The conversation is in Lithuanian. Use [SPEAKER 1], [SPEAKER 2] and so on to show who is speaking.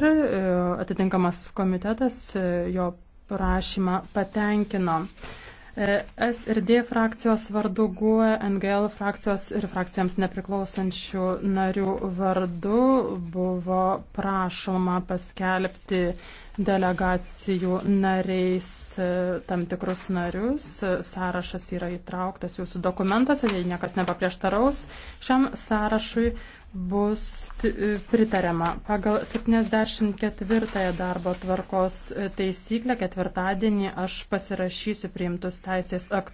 [SPEAKER 1] ir e, atitinkamas komitetas e, jo prašymą patenkino. E, S ir D frakcijos vardu GUE, NGL frakcijos ir frakcijams nepriklausančių narių vardu buvo prašoma paskelbti delegacijų nariais e, tam tikrus narius. Sąrašas yra įtrauktas jūsų dokumentuose, jei niekas nepaprieštaraus, šiam sąrašui bus e, pritariama. Pagal 74 darbo tvarkos e, taisyklę ketvirtadienį aš pasirašysiu
[SPEAKER 2] priimtus teisės aktus.